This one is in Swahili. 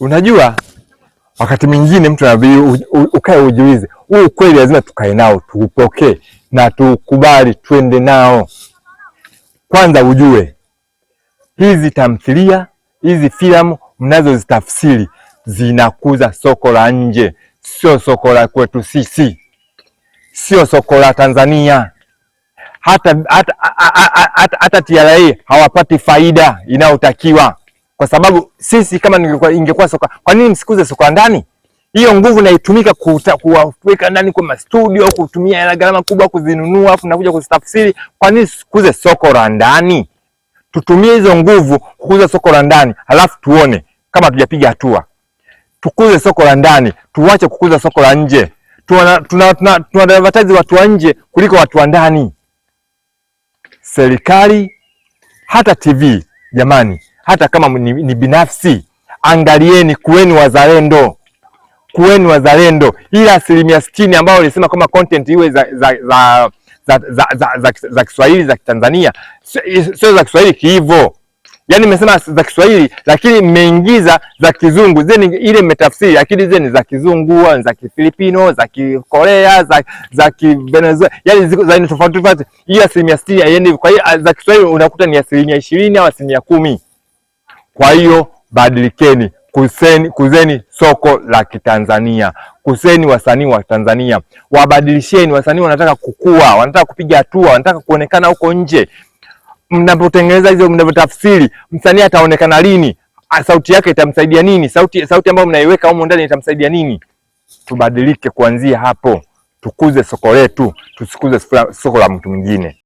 Unajua, wakati mwingine mtu anabidi ukae ujiulize, huu ukweli lazima tukae nao tuupokee na tukubali, twende nao. Kwanza ujue hizi tamthilia hizi filamu mnazozitafsiri zinakuza soko la nje, sio soko la kwetu sisi, sio soko la Tanzania. Hata hata hata TRA hawapati faida inayotakiwa kwa sababu sisi kama ningekuwa ingekuwa soka, kwa nini msikuze soka ndani? Hiyo nguvu naitumika kuweka ndani kwa studio kutumia hela gharama kubwa kuzinunua, afu nakuja kuzitafsiri. Kwa nini sikuze soko la ndani? Tutumie hizo nguvu kukuza soko la ndani, halafu tuone kama tujapiga hatua. Tukuze soko la ndani, tuwache kukuza soko la nje. tuna, tuna, tuna advertise watu wa nje kuliko watu wa ndani. Serikali hata TV jamani hata kama ni, ni binafsi. Angalieni, kuweni wazalendo, kuweni wazalendo. Ila asilimia sitini ambayo walisema kwamba content iwe za, za, za, za, za, za, za, za Kiswahili za Kitanzania, sio za Kiswahili kiivo Yaani nimesema za Kiswahili lakini mmeingiza za kizungu zeni, ile mmetafsiri, lakini zeni za kizungu, za Kifilipino, za Kikorea, za za Kivenezuela, yani ziko za tofauti tofauti. Hiyo asilimia sitini haiendi. Kwa hiyo za Kiswahili unakuta ni asilimia ishirini au asilimia kumi. Kwa hiyo badilikeni, kuzeni, kuzeni soko la Kitanzania, kuzeni wasanii wa Tanzania, wabadilisheni. Wasanii wanataka kukua, wanataka kupiga hatua, wanataka kuonekana huko nje. Mnapotengeneza hizo, mnapotafsiri, msanii ataonekana lini? Sauti yake itamsaidia nini? Sauti, sauti ambayo mnaiweka humo ndani itamsaidia nini? Tubadilike kuanzia hapo, tukuze soko letu, tusikuze soko la mtu mwingine.